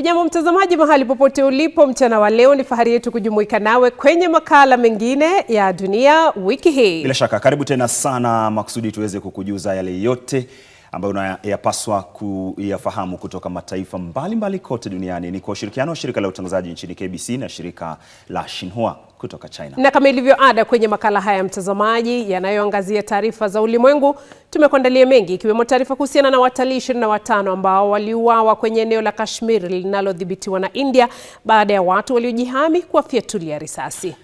Ujambo mtazamaji, mahali popote ulipo mchana wa leo, ni fahari yetu kujumuika nawe kwenye makala mengine ya Dunia Wiki Hii. Bila shaka karibu tena sana maksudi tuweze kukujuza yale yote ambayo unayapaswa kuyafahamu kutoka mataifa mbalimbali mbali kote duniani. Ni kwa ushirikiano wa shirika la utangazaji nchini KBC na shirika la Shinhua kutoka China. Na kama ilivyo ada kwenye makala haya mtazamaji, yanayoangazia taarifa za ulimwengu, tumekuandalia mengi ikiwemo taarifa kuhusiana na watalii 25 ambao waliuawa kwenye eneo la Kashmir linalodhibitiwa na India baada ya watu waliojihami kuwafyatulia risasi.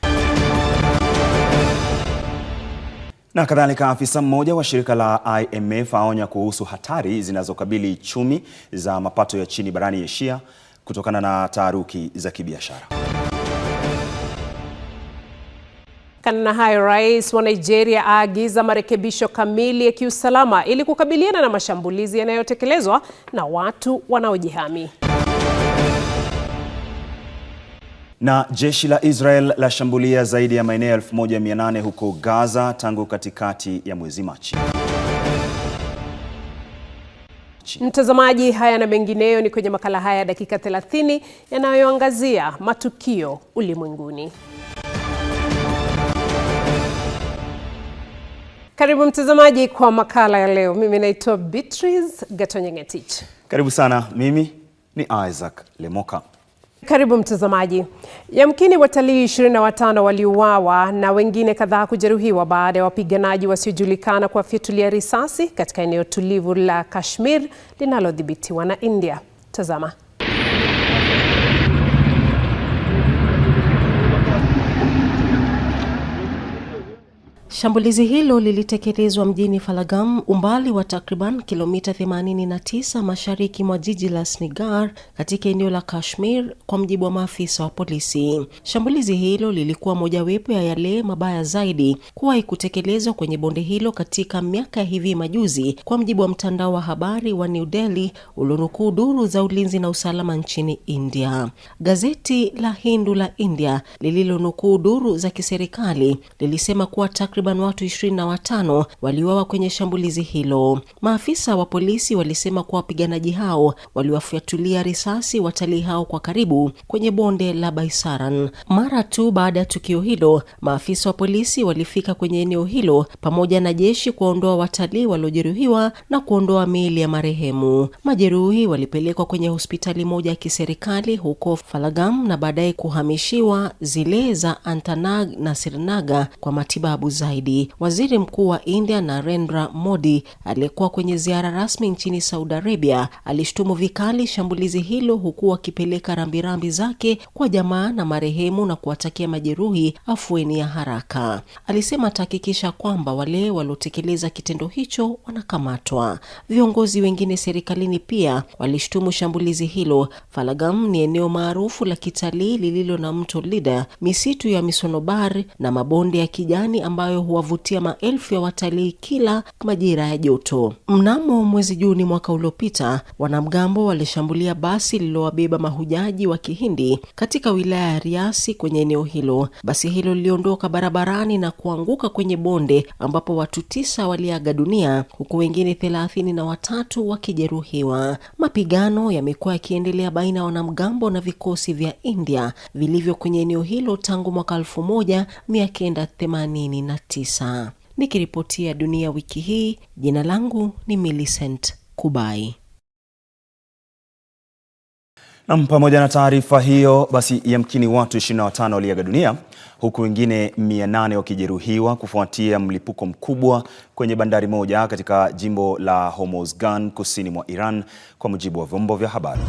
Na kadhalika afisa mmoja wa shirika la IMF aonya kuhusu hatari zinazokabili chumi za mapato ya chini barani Asia kutokana na taharuki za kibiashara. Kando na hayo, rais wa Nigeria aagiza marekebisho kamili ya kiusalama ili kukabiliana na mashambulizi yanayotekelezwa na watu wanaojihami. Na jeshi la Israel lashambulia zaidi ya maeneo 1800 huko Gaza tangu katikati ya mwezi Machi. Mtazamaji, haya na mengineyo ni kwenye makala haya dakika 30 yanayoangazia matukio ulimwenguni. Karibu mtazamaji kwa makala ya leo. Mimi naitwa Beatrice Gatonyengetich. Karibu sana, mimi ni Isaac Lemoka. Karibu mtazamaji. Yamkini watalii 25 waliuawa na wengine kadhaa kujeruhiwa baada ya wapiganaji wasiojulikana kuwafyatulia risasi katika eneo tulivu la Kashmir linalodhibitiwa na India. Tazama. Shambulizi hilo lilitekelezwa mjini Falagam, umbali wa takriban kilomita 89 mashariki mwa jiji la Snigar katika eneo la Kashmir, kwa mujibu wa maafisa wa polisi. Shambulizi hilo lilikuwa mojawapo ya yale mabaya zaidi kuwahi kutekelezwa kwenye bonde hilo katika miaka ya hivi majuzi, kwa mujibu wa mtandao wa habari wa New Delhi ulionukuu duru za ulinzi na usalama nchini India. Gazeti la Hindu la India lililonukuu duru za kiserikali lilisema kuwa takriban takriban watu 25 waliuawa kwenye shambulizi hilo. Maafisa wa polisi walisema kuwa wapiganaji hao waliwafyatulia risasi watalii hao kwa karibu kwenye bonde la Baisaran. Mara tu baada ya tukio hilo, maafisa wa polisi walifika kwenye eneo hilo pamoja na jeshi kuwaondoa watalii waliojeruhiwa na kuondoa miili ya marehemu. Majeruhi walipelekwa kwenye hospitali moja ya kiserikali huko Falagam na baadaye kuhamishiwa zile za Antanag na Sirnaga kwa matibabu za zaidi. Waziri Mkuu wa India Narendra Modi aliyekuwa kwenye ziara rasmi nchini Saudi Arabia alishutumu vikali shambulizi hilo, huku akipeleka rambirambi zake kwa jamaa na marehemu na kuwatakia majeruhi afueni ya haraka. Alisema atahakikisha kwamba wale waliotekeleza kitendo hicho wanakamatwa. Viongozi wengine serikalini pia walishtumu shambulizi hilo. Falagam ni eneo maarufu la kitalii lililo na mto Lida, misitu ya misonobar na mabonde ya kijani ambayo ambayo huwavutia maelfu ya watalii kila majira ya joto. Mnamo mwezi Juni mwaka uliopita, wanamgambo walishambulia basi lililowabeba mahujaji wa Kihindi katika wilaya ya Riasi kwenye eneo hilo. Basi hilo liliondoka barabarani na kuanguka kwenye bonde ambapo watu tisa waliaga dunia huku wengine thelathini na watatu wakijeruhiwa. Mapigano yamekuwa yakiendelea baina ya wanamgambo na vikosi vya India vilivyo kwenye eneo hilo tangu mwaka elfu moja mia kenda themanini na Nikiripotia Dunia Wiki Hii, jina langu ni Millicent Kubai. Nam, pamoja na taarifa hiyo basi, yamkini watu 25 waliaga dunia huku wengine 8 wakijeruhiwa kufuatia mlipuko mkubwa kwenye bandari moja katika jimbo la homosgan kusini mwa Iran, kwa mujibu wa vyombo vya habari.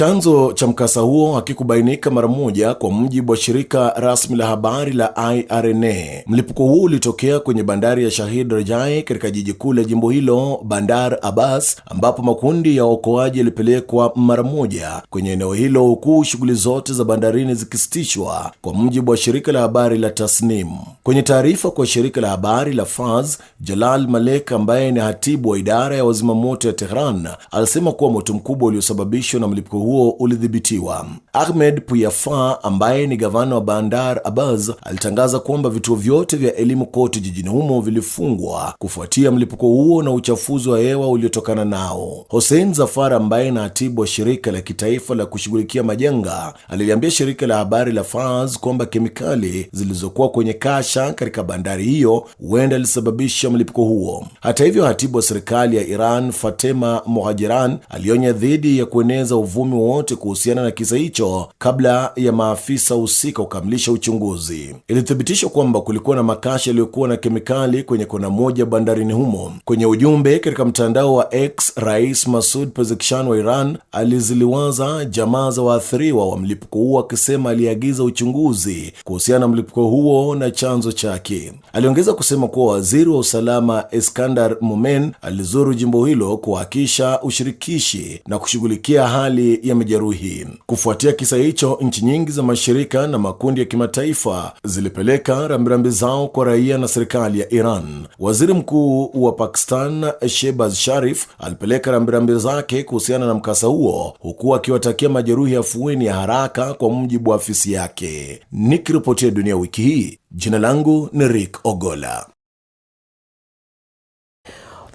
Chanzo cha mkasa huo hakikubainika mara moja, kwa mujibu wa shirika rasmi la habari la IRNA. Mlipuko huo ulitokea kwenye bandari ya Shahid Rajai katika jiji kuu la jimbo hilo Bandar Abbas, ambapo makundi ya waokoaji yalipelekwa mara moja kwenye eneo hilo, huku shughuli zote za bandarini zikisitishwa, kwa mujibu wa shirika la habari la Tasnim. Kwenye taarifa kwa shirika la habari la Fars, Jalal Malek ambaye ni hatibu wa idara ya wazimamoto ya Tehran alisema kuwa moto mkubwa uliosababishwa na mlipuko huo ulidhibitiwa. Ahmed Puyafa ambaye ni gavana wa Bandar Abbas alitangaza kwamba vituo vyote vya elimu kote jijini humo vilifungwa kufuatia mlipuko huo na uchafuzi wa hewa uliotokana nao. Hossein Zafar ambaye na atibu wa shirika la kitaifa la kushughulikia majanga aliliambia shirika la habari la Fars kwamba kemikali zilizokuwa kwenye kasha katika bandari hiyo huenda ilisababisha mlipuko huo. Hata hivyo, hatibu wa serikali ya Iran Fatema mohajiran alionya dhidi ya kueneza uvumi wowote kuhusiana na kisa hicho kabla ya maafisa husika kukamilisha uchunguzi. Ilithibitishwa kwamba kulikuwa na makasha yaliyokuwa na kemikali kwenye kona moja bandarini humo. Kwenye ujumbe katika mtandao wa X, Rais masud Pezeshkian wa Iran aliziliwaza jamaa za waathiriwa wa mlipuko huo akisema aliagiza uchunguzi kuhusiana na mlipuko huo na chanzo chake. Aliongeza kusema kuwa waziri wa usalama Iskandar Mumen alizuru jimbo hilo kuhakisha ushirikishi na kushughulikia hali ya majeruhi. Kufuatia kisa hicho, nchi nyingi za mashirika na makundi ya kimataifa zilipeleka rambirambi zao kwa raia na serikali ya Iran. Waziri Mkuu wa Pakistan Shehbaz Sharif alipeleka rambirambi zake kuhusiana na mkasa huo, huku akiwatakia majeruhi afueni ya haraka, kwa mujibu wa afisi yake. Nikiripotia Dunia Wiki Hii, jina langu ni Rick Ogola.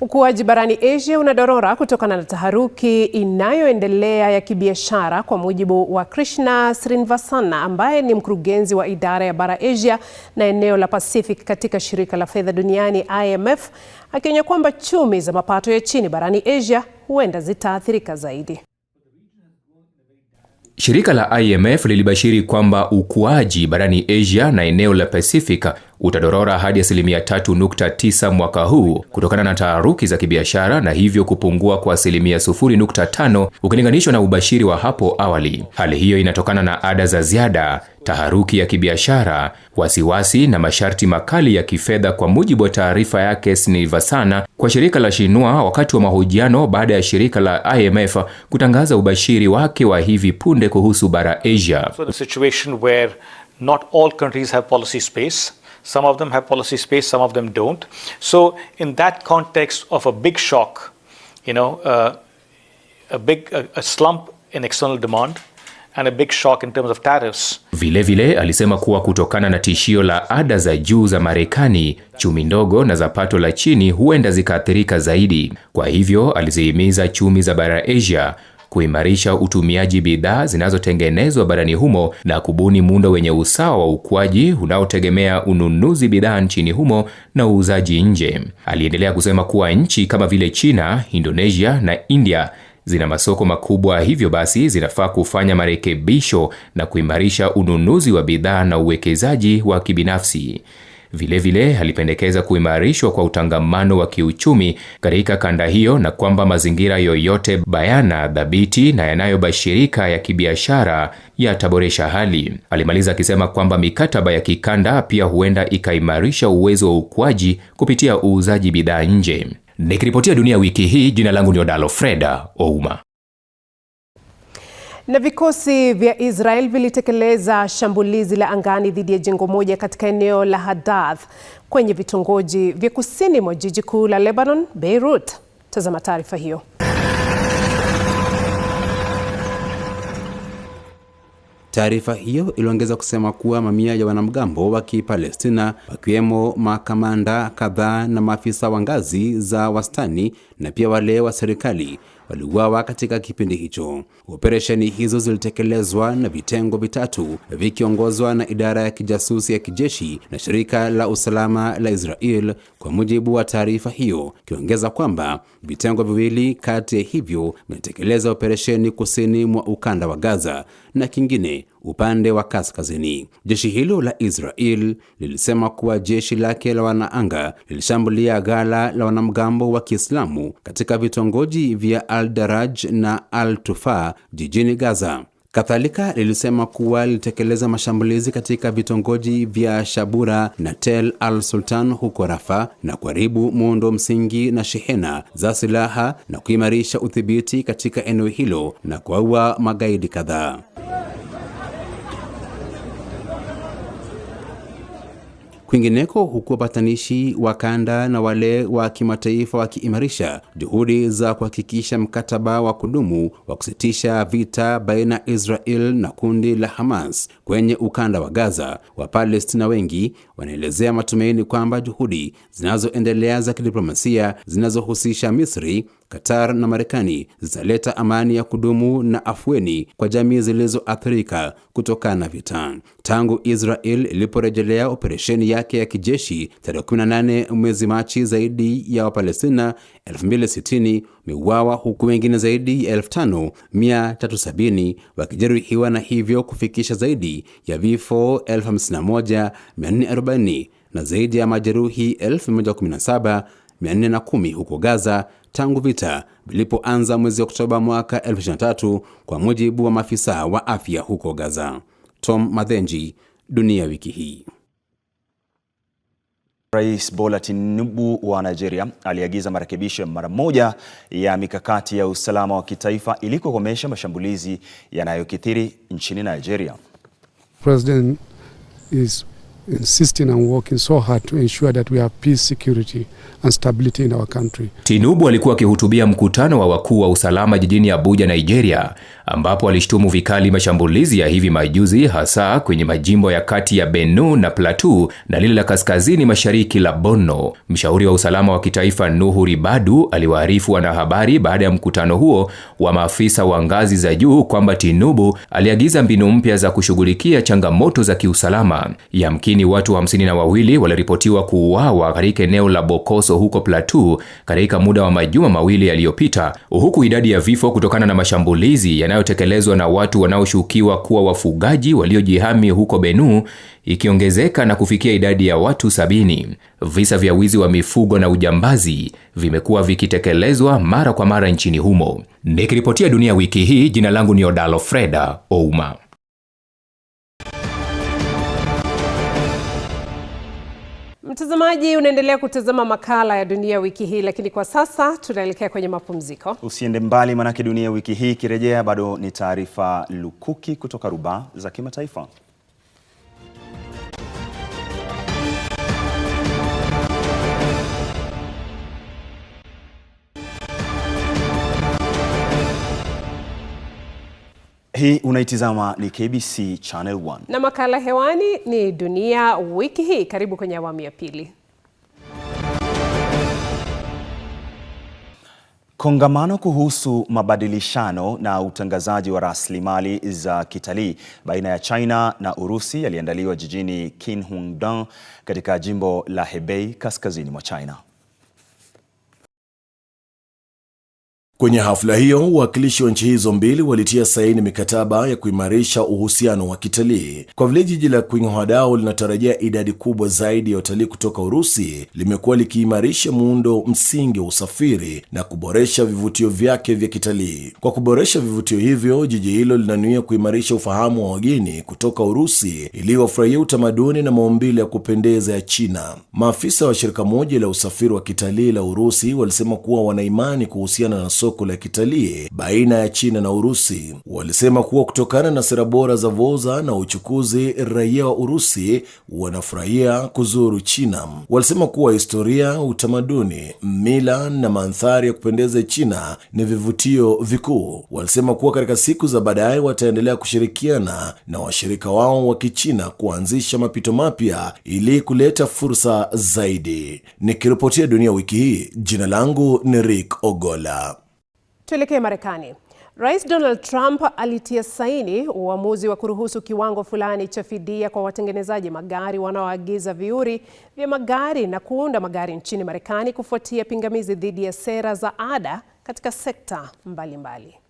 Ukuaji barani Asia unadorora kutokana na taharuki inayoendelea ya kibiashara, kwa mujibu wa Krishna Srinivasana ambaye ni mkurugenzi wa idara ya bara Asia na eneo la Pacific katika shirika la fedha duniani IMF, akionya kwamba chumi za mapato ya chini barani Asia huenda zitaathirika zaidi. Shirika la IMF lilibashiri kwamba ukuaji barani Asia na eneo la Pacific utadorora hadi asilimia 3.9 mwaka huu kutokana na taharuki za kibiashara na hivyo kupungua kwa asilimia 0.5 ukilinganishwa na ubashiri wa hapo awali. Hali hiyo inatokana na ada za ziada taharuki ya kibiashara, wasiwasi na masharti makali ya kifedha, kwa mujibu wa taarifa yake Srinivasana kwa shirika la Shinua wakati wa mahojiano baada ya shirika la IMF kutangaza ubashiri wake wa hivi punde kuhusu bara Asia. So some of them have policy space some of them don't so in that context of a big shock you know uh, a big a, a slump in external demand and a big shock in terms of tariffs. Vile vile alisema kuwa kutokana na tishio la ada za juu za Marekani, chumi ndogo na za pato la chini huenda zikaathirika zaidi. Kwa hivyo alizihimiza chumi za bara Asia kuimarisha utumiaji bidhaa zinazotengenezwa barani humo na kubuni muundo wenye usawa wa ukuaji unaotegemea ununuzi bidhaa nchini humo na uuzaji nje. Aliendelea kusema kuwa nchi kama vile China, Indonesia na India zina masoko makubwa, hivyo basi zinafaa kufanya marekebisho na kuimarisha ununuzi wa bidhaa na uwekezaji wa kibinafsi. Vilevile vile, alipendekeza kuimarishwa kwa utangamano wa kiuchumi katika kanda hiyo na kwamba mazingira yoyote bayana, dhabiti na yanayobashirika ya kibiashara yataboresha hali. Alimaliza akisema kwamba mikataba ya kikanda pia huenda ikaimarisha uwezo wa ukuaji kupitia uuzaji bidhaa nje. Nikiripotia Dunia Wiki Hii, jina langu ni Odalo Freda Ouma. Na vikosi vya Israel vilitekeleza shambulizi la angani dhidi ya jengo moja katika eneo la Hadath kwenye vitongoji vya kusini mwa jiji kuu la Lebanon, Beirut. Tazama taarifa hiyo. Taarifa hiyo iliongeza kusema kuwa mamia ya wanamgambo wa Kipalestina wakiwemo makamanda kadhaa na maafisa wa ngazi za wastani na pia wale wa serikali waliuawa katika kipindi hicho. Operesheni hizo zilitekelezwa na vitengo vitatu vikiongozwa na idara ya kijasusi ya kijeshi na shirika la usalama la Israel, kwa mujibu wa taarifa hiyo, ikiongeza kwamba vitengo viwili kati ya hivyo vimetekeleza operesheni kusini mwa ukanda wa Gaza na kingine upande wa kaskazini. Jeshi hilo la Israel lilisema kuwa jeshi lake la wanaanga lilishambulia ghala la wanamgambo wa Kiislamu katika vitongoji vya Al-Daraj na Al-Tufa jijini Gaza. Kadhalika lilisema kuwa lilitekeleza mashambulizi katika vitongoji vya Shabura na Tel Al Sultan huko Rafa na kuharibu muundo msingi na shehena za silaha na kuimarisha udhibiti katika eneo hilo na kuwaua magaidi kadhaa. Kwingineko, huku wapatanishi wa kanda na wale wa kimataifa wakiimarisha juhudi za kuhakikisha mkataba wa kudumu wa kusitisha vita baina ya Israel na kundi la Hamas kwenye ukanda wa Gaza, Wapalestina wengi wanaelezea matumaini kwamba juhudi zinazoendelea za kidiplomasia zinazohusisha Misri Qatar na Marekani zitaleta amani ya kudumu na afueni kwa jamii zilizoathirika kutokana na vita. Tangu Israel iliporejelea operesheni yake ya kijeshi tarehe 18 mwezi Machi, zaidi ya Wapalestina 2060 wameuawa huku wengine zaidi ya 5370 wakijeruhiwa na hivyo kufikisha zaidi ya vifo 51440 na zaidi ya majeruhi 1117 410 huko Gaza tangu vita vilipoanza mwezi Oktoba mwaka 2023 kwa mujibu wa maafisa wa afya huko Gaza. Tom Madhenji, Dunia Wiki Hii. Rais Bola Tinubu wa Nigeria aliagiza marekebisho mara moja ya mikakati ya usalama wa kitaifa ili kukomesha mashambulizi yanayokithiri nchini Nigeria. President is insisting and working so hard to ensure that we have peace, security and stability in our country. Tinubu alikuwa akihutubia mkutano wa wakuu wa usalama jijini Abuja, Nigeria, ambapo alishtumu vikali mashambulizi ya hivi majuzi hasa kwenye majimbo ya kati ya Benue na Plateau na lile la kaskazini mashariki la Borno. Mshauri wa usalama wa kitaifa Nuhu Ribadu aliwaarifu wanahabari baada ya mkutano huo wa maafisa wa ngazi za juu kwamba Tinubu aliagiza mbinu mpya za kushughulikia changamoto za kiusalama. Yamkini Jijini watu hamsini na wawili waliripotiwa kuuawa katika eneo la Bokoso huko Plateau katika muda wa majuma mawili yaliyopita, huku idadi ya vifo kutokana na mashambulizi yanayotekelezwa na watu wanaoshukiwa kuwa wafugaji waliojihami huko benu ikiongezeka na kufikia idadi ya watu sabini. Visa vya wizi wa mifugo na ujambazi vimekuwa vikitekelezwa mara kwa mara nchini humo. Nikiripotia Dunia Wiki Hii, jina langu ni Odalo Freda Ouma. Mtazamaji, unaendelea kutazama makala ya Dunia Wiki Hii, lakini kwa sasa tunaelekea kwenye mapumziko. Usiende mbali, manake Dunia Wiki Hii ikirejea, bado ni taarifa lukuki kutoka rubaa za kimataifa. Hii unaitizama ni KBC Channel 1. Na makala hewani ni Dunia Wiki Hii. Karibu kwenye awamu ya pili. Kongamano kuhusu mabadilishano na utangazaji wa rasilimali za kitalii baina ya China na Urusi yaliandaliwa jijini Qinghudang katika jimbo la Hebei kaskazini mwa China. Kwenye hafla hiyo wawakilishi wa nchi hizo mbili walitia saini mikataba ya kuimarisha uhusiano wa kitalii. Kwa vile jiji la Qinghwadao linatarajia idadi kubwa zaidi ya watalii kutoka Urusi, limekuwa likiimarisha muundo msingi wa usafiri na kuboresha vivutio vyake vya kitalii. Kwa kuboresha vivutio hivyo, jiji hilo linanuia kuimarisha ufahamu wa wageni kutoka Urusi ili wafurahie utamaduni na maumbile ya kupendeza ya China. Maafisa wa shirika moja la usafiri wa kitalii la Urusi walisema kuwa wanaimani kuhusiana na soko la kitalii baina ya China na Urusi. Walisema kuwa kutokana na sera bora za voza na uchukuzi, raia wa Urusi wanafurahia kuzuru China. Walisema kuwa historia, utamaduni, mila na mandhari ya kupendeza China ni vivutio vikuu. Walisema kuwa katika siku za baadaye wataendelea kushirikiana na washirika wao wa Kichina kuanzisha mapito mapya ili kuleta fursa zaidi. Nikiripotia Dunia Wiki Hii, jina langu ni Rick Ogola. Tuelekee Marekani. Rais Donald Trump alitia saini uamuzi wa kuruhusu kiwango fulani cha fidia kwa watengenezaji magari wanaoagiza viuri vya magari na kuunda magari nchini Marekani kufuatia pingamizi dhidi ya sera za ada katika sekta mbalimbali mbali.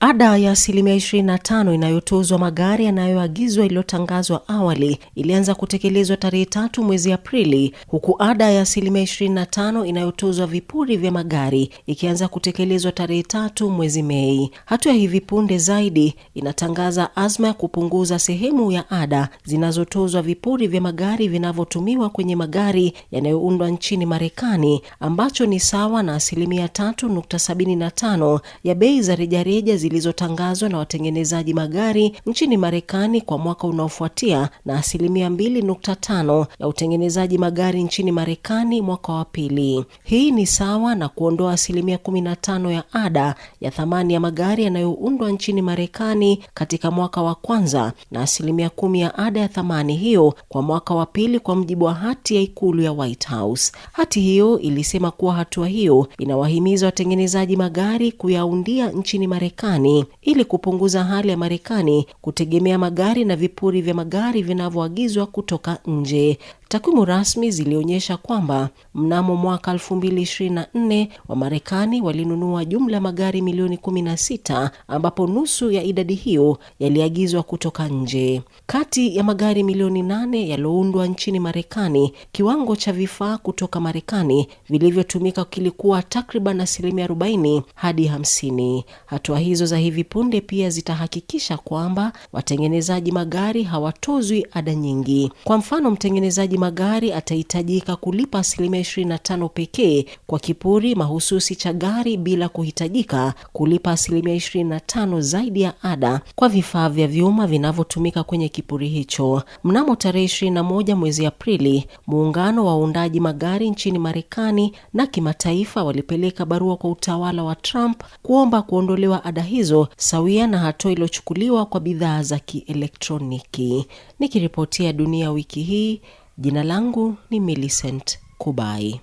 Ada ya asilimia 25 inayotozwa magari yanayoagizwa iliyotangazwa awali ilianza kutekelezwa tarehe tatu mwezi Aprili, huku ada ya asilimia 25 inayotozwa vipuri vya magari ikianza kutekelezwa tarehe tatu mwezi Mei. Hatua ya hivi punde zaidi inatangaza azma ya kupunguza sehemu ya ada zinazotozwa vipuri vya magari vinavyotumiwa kwenye magari yanayoundwa nchini Marekani, ambacho ni sawa na asilimia 3.75 ya bei za rejareja zilizotangazwa na watengenezaji magari nchini Marekani kwa mwaka unaofuatia na asilimia 2.5 ya utengenezaji magari nchini Marekani mwaka wa pili. Hii ni sawa na kuondoa asilimia 15 ya ada ya thamani ya magari yanayoundwa nchini Marekani katika mwaka wa kwanza na asilimia kumi ya ada ya thamani hiyo kwa mwaka wa pili, kwa mujibu wa hati ya ikulu ya White House. Hati hiyo ilisema kuwa hatua hiyo inawahimiza watengenezaji magari kuyaundia nchini Marekani Marekani ili kupunguza hali ya Marekani kutegemea magari na vipuri vya magari vinavyoagizwa kutoka nje. Takwimu rasmi zilionyesha kwamba mnamo mwaka 2024 Wamarekani walinunua jumla magari milioni 16 ambapo nusu ya idadi hiyo yaliagizwa kutoka nje. Kati ya magari milioni 8 yaliyoundwa nchini Marekani, kiwango cha vifaa kutoka Marekani vilivyotumika kilikuwa takriban asilimia 40 hadi 50. Hatua hizo Hizo za hivi punde pia zitahakikisha kwamba watengenezaji magari hawatozwi ada nyingi. Kwa mfano, mtengenezaji magari atahitajika kulipa asilimia 25 pekee kwa kipuri mahususi cha gari bila kuhitajika kulipa asilimia tano zaidi ya ada kwa vifaa vya vyuma vinavyotumika kwenye kipuri hicho. Mnamo tarehe moja mwezi Aprili, muungano wa uundaji magari nchini Marekani na kimataifa walipeleka barua kwa utawala wa Trump kuomba kuondolewa ada hizo sawia na hatua iliyochukuliwa kwa bidhaa za kielektroniki. Nikiripotia Dunia Wiki Hii, jina langu ni Millicent Kubai.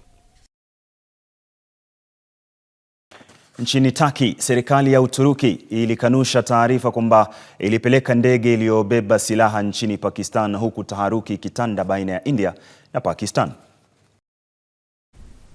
Nchini Taki, serikali ya Uturuki ilikanusha taarifa kwamba ilipeleka ndege iliyobeba silaha nchini Pakistan, huku taharuki ikitanda baina ya India na Pakistan.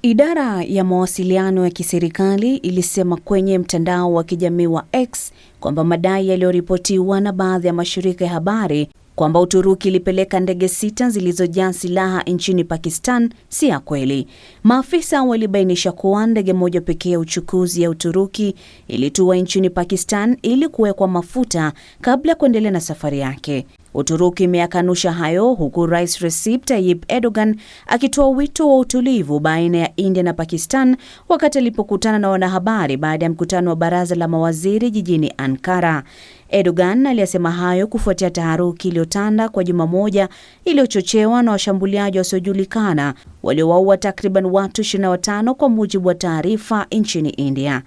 Idara ya mawasiliano ya kiserikali ilisema kwenye mtandao wa kijamii wa X kwamba madai yaliyoripotiwa na baadhi ya mashirika ya habari kwamba Uturuki ilipeleka ndege sita zilizojaa silaha nchini Pakistan si ya kweli. Maafisa walibainisha kuwa ndege moja pekee ya uchukuzi ya Uturuki ilitua nchini Pakistan ili kuwekwa mafuta kabla ya kuendelea na safari yake. Uturuki imeyakanusha hayo huku Rais Recep Tayyip Erdogan akitoa wito wa utulivu baina ya India na Pakistan wakati alipokutana na wanahabari baada ya mkutano wa baraza la mawaziri jijini Ankara. Erdogan aliyasema hayo kufuatia taharuki iliyotanda kwa juma moja iliyochochewa na washambuliaji wasiojulikana waliowaua takriban watu 25 kwa mujibu wa taarifa nchini India.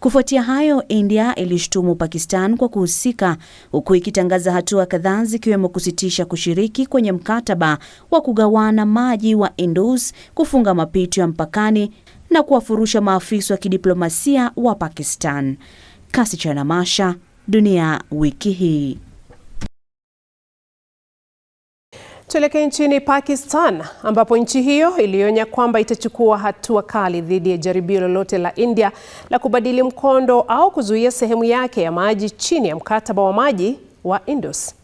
Kufuatia hayo, India ilishutumu Pakistan kwa kuhusika, huku ikitangaza hatua kadhaa zikiwemo kusitisha kushiriki kwenye mkataba wa kugawana maji wa Indus, kufunga mapito ya mpakani na kuwafurusha maafisa wa kidiplomasia wa Pakistan. cha namasha Dunia Wiki Hii. Tuelekee nchini Pakistan ambapo nchi hiyo ilionya kwamba itachukua hatua kali dhidi ya jaribio lolote la India la kubadili mkondo au kuzuia sehemu yake ya maji chini ya mkataba wa maji wa Indus.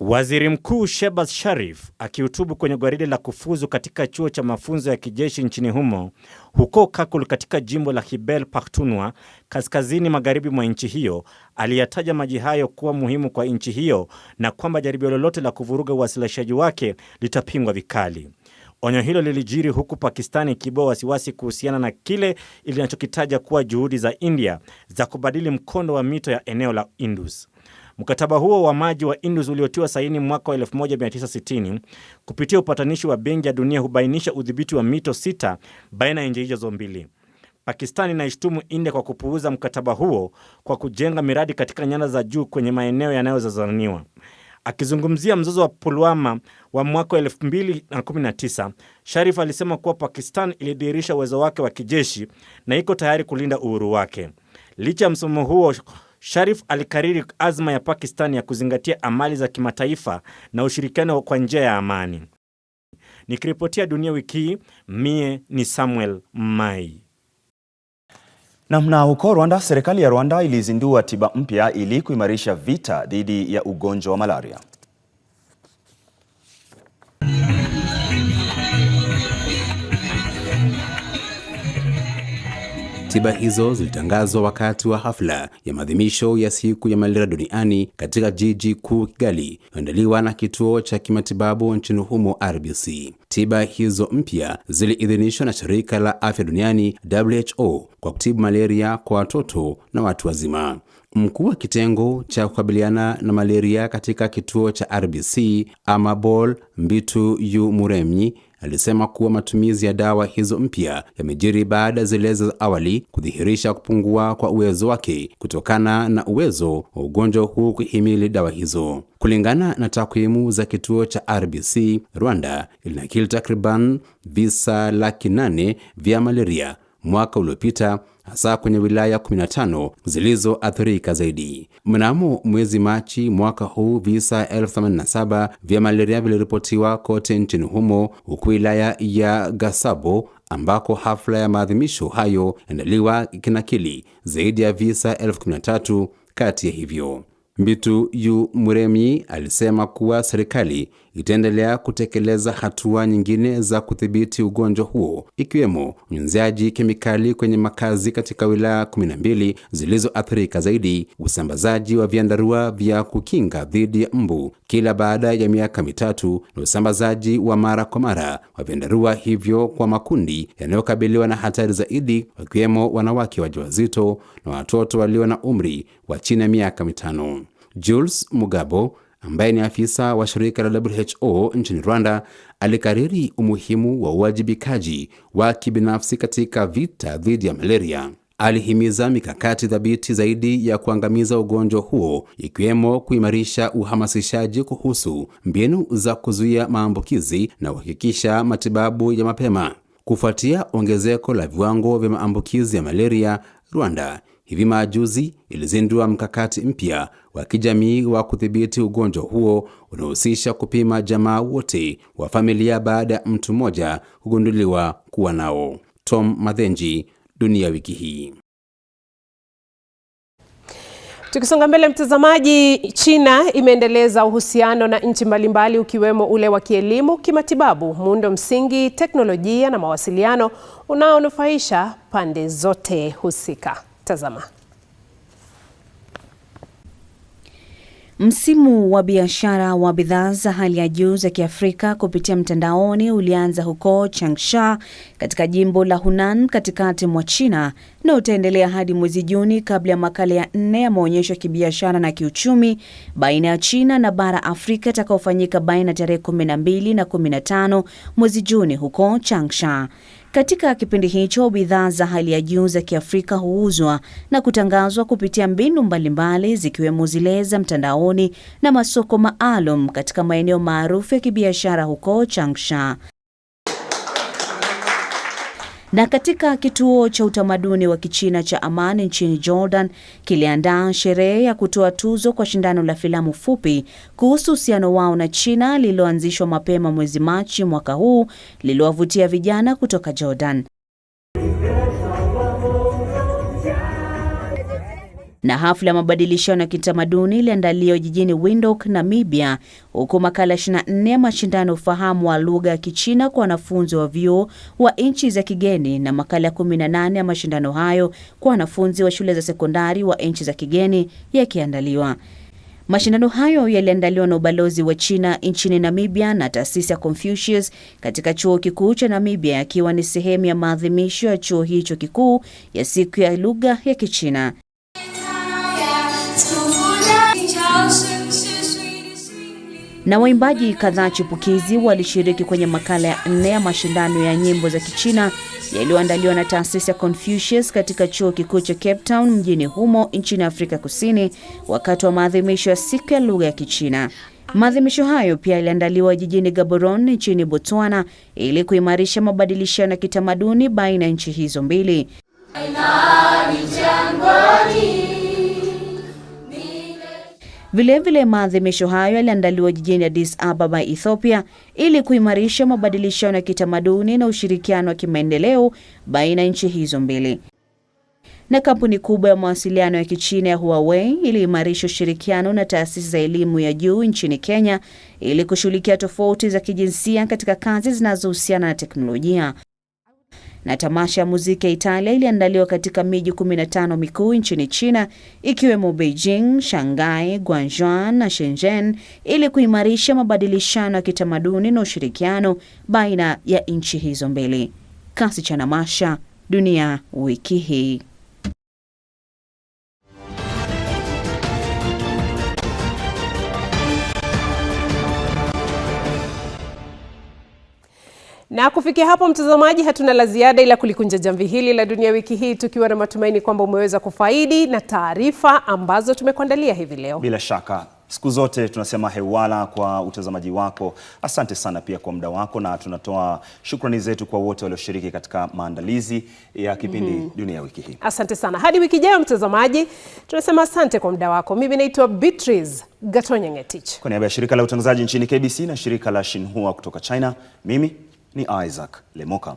Waziri Mkuu Shebas Sharif akihutubu kwenye gwaride la kufuzu katika chuo cha mafunzo ya kijeshi nchini humo huko Kakul katika jimbo la Khyber Pakhtunkhwa kaskazini magharibi mwa nchi hiyo aliyataja maji hayo kuwa muhimu kwa nchi hiyo na kwamba jaribio lolote la kuvuruga uwasilishaji wake litapingwa vikali. Onyo hilo lilijiri huku Pakistani ikiibua wasiwasi kuhusiana na kile ilinachokitaja kuwa juhudi za India za kubadili mkondo wa mito ya eneo la Indus. Mkataba huo wa maji wa Indus uliotiwa saini mwaka wa 1960 kupitia upatanishi wa Benki ya Dunia hubainisha udhibiti wa mito sita baina ya nchi hizo mbili. Pakistani inaishtumu India kwa kupuuza mkataba huo kwa kujenga miradi katika nyanda za juu kwenye maeneo yanayozazaniwa Akizungumzia mzozo wa Pulwama wa mwaka wa 2019, Sharif alisema kuwa Pakistan ilidhihirisha uwezo wake wa kijeshi na iko tayari kulinda uhuru wake. Licha ya msimamo huo Sharif alikariri azma ya Pakistan ya kuzingatia amali za kimataifa na ushirikiano kwa njia ya amani. Nikiripotia Dunia Wiki Hii, mie ni Samuel Mai. Namna huko Rwanda, serikali ya Rwanda ilizindua tiba mpya ili kuimarisha vita dhidi ya ugonjwa wa malaria. Tiba hizo zilitangazwa wakati wa hafla ya maadhimisho ya siku ya malaria duniani katika jiji kuu Kigali, iliyoandaliwa na kituo cha kimatibabu nchini humo RBC. Tiba hizo mpya ziliidhinishwa na shirika la afya duniani WHO kwa kutibu malaria kwa watoto na watu wazima. Mkuu wa kitengo cha kukabiliana na malaria katika kituo cha RBC Amabol Mbitu Yu Muremyi alisema kuwa matumizi ya dawa hizo mpya yamejiri baada ya zile za awali kudhihirisha kupungua kwa uwezo wake kutokana na uwezo wa ugonjwa huu kuhimili dawa hizo. Kulingana na takwimu za kituo cha RBC, Rwanda ilinakili takriban visa laki nane vya malaria mwaka uliopita, hasa kwenye wilaya 15 zilizoathirika zaidi. Mnamo mwezi Machi mwaka huu visa 87 vya malaria viliripotiwa kote nchini humo, huku wilaya ya Gasabo ambako hafla ya maadhimisho hayo endaliwa kinakili zaidi ya visa 13 kati ya hivyo. Mbitu Yu Muremi alisema kuwa serikali itaendelea kutekeleza hatua nyingine za kudhibiti ugonjwa huo ikiwemo unyunziaji kemikali kwenye makazi katika wilaya 12 zilizoathirika zaidi, usambazaji wa vyandarua vya kukinga dhidi ya mbu kila baada ya miaka mitatu na usambazaji wa mara kwa mara wa vyandarua hivyo kwa makundi yanayokabiliwa na hatari zaidi, wakiwemo wanawake wajawazito na watoto walio na umri wa chini ya miaka mitano. Jules Mugabo ambaye ni afisa wa shirika la WHO nchini Rwanda alikariri umuhimu wa uwajibikaji wa kibinafsi katika vita dhidi ya malaria. Alihimiza mikakati thabiti zaidi ya kuangamiza ugonjwa huo ikiwemo kuimarisha uhamasishaji kuhusu mbinu za kuzuia maambukizi na kuhakikisha matibabu ya mapema. Kufuatia ongezeko la viwango vya maambukizi ya malaria Rwanda, hivi majuzi ilizindua mkakati mpya wa kijamii wa kudhibiti ugonjwa huo unahusisha kupima jamaa wote wa familia baada ya mtu mmoja kugunduliwa kuwa nao. Tom Mathenji, Dunia Wiki Hii. Tukisonga mbele mtazamaji, China imeendeleza uhusiano na nchi mbalimbali ukiwemo ule wa kielimu, kimatibabu, muundo msingi, teknolojia na mawasiliano unaonufaisha pande zote husika. Tazama. Msimu wa biashara wa bidhaa za hali ya juu za Kiafrika kupitia mtandaoni ulianza huko Changsha katika jimbo la Hunan katikati mwa China na utaendelea hadi mwezi Juni kabla ya makala ya nne ya maonyesho ya kibiashara na kiuchumi baina ya China na bara Afrika itakayofanyika baina ya tarehe 12 na 15 mwezi Juni huko Changsha. Katika kipindi hicho, bidhaa za hali ya juu za Kiafrika huuzwa na kutangazwa kupitia mbinu mbalimbali zikiwemo zile za mtandaoni na masoko maalum katika maeneo maarufu ya kibiashara huko Changsha. Na katika kituo cha utamaduni wa Kichina cha Amani nchini Jordan kiliandaa sherehe ya kutoa tuzo kwa shindano la filamu fupi kuhusu uhusiano wao na China lililoanzishwa mapema mwezi Machi mwaka huu lililowavutia vijana kutoka Jordan. na hafla ya mabadilishano ya kitamaduni iliandaliwa jijini Windhoek, Namibia, huku makala 24 ya mashindano ufahamu wa lugha ya Kichina kwa wanafunzi wa vyuo wa nchi za kigeni na makala 18 ya mashindano hayo kwa wanafunzi wa shule za sekondari wa nchi za kigeni yakiandaliwa. Mashindano hayo yaliandaliwa na ubalozi wa China nchini Namibia na taasisi ya Confucius katika chuo kikuu cha Namibia, yakiwa ni sehemu ya maadhimisho ya chuo hicho kikuu ya siku ya lugha ya Kichina. na waimbaji kadhaa chipukizi walishiriki kwenye makala ya nne ya mashindano ya nyimbo za Kichina yaliyoandaliwa na taasisi ya Confucius katika chuo kikuu cha Cape Town mjini humo nchini Afrika Kusini wakati wa maadhimisho ya siku ya lugha ya Kichina. Maadhimisho hayo pia yaliandaliwa jijini Gaborone nchini Botswana ili kuimarisha mabadilishano ya kitamaduni baina ya nchi hizo mbili. Vilevile, maadhimisho hayo yaliandaliwa jijini Addis Ababa, Ethiopia, ili kuimarisha mabadilishano ya kitamaduni na ushirikiano wa kimaendeleo baina ya nchi hizo mbili. Na kampuni kubwa ya mawasiliano ya Kichina ya Huawei iliimarisha ushirikiano na taasisi za elimu ya juu nchini Kenya ili kushughulikia tofauti za kijinsia katika kazi zinazohusiana na teknolojia. Na tamasha ya muziki ya Italia iliandaliwa katika miji 15 mikuu nchini China ikiwemo Beijing, Shanghai, Guangzhou na Shenzhen ili kuimarisha mabadilishano ya kitamaduni na ushirikiano baina ya nchi hizo mbili. Kasi cha tamasha dunia wiki hii. Na kufikia hapo, mtazamaji, hatuna la ziada ila kulikunja jamvi hili la Dunia Wiki Hii tukiwa na matumaini kwamba umeweza kufaidi na taarifa ambazo tumekuandalia hivi leo. Bila shaka siku zote tunasema hewala kwa utazamaji wako. Asante sana pia kwa muda wako, na tunatoa shukrani zetu kwa wote walioshiriki katika maandalizi ya kipindi mm -hmm. Dunia Wiki Hii. Asante sana, hadi wiki ijayo mtazamaji, tunasema asante kwa muda wako. Mimi naitwa Beatrice Gatonye Ngetich kwa niaba ya shirika la utangazaji nchini KBC na shirika la Shinhua kutoka China. Mimi ni Isaac Lemoka.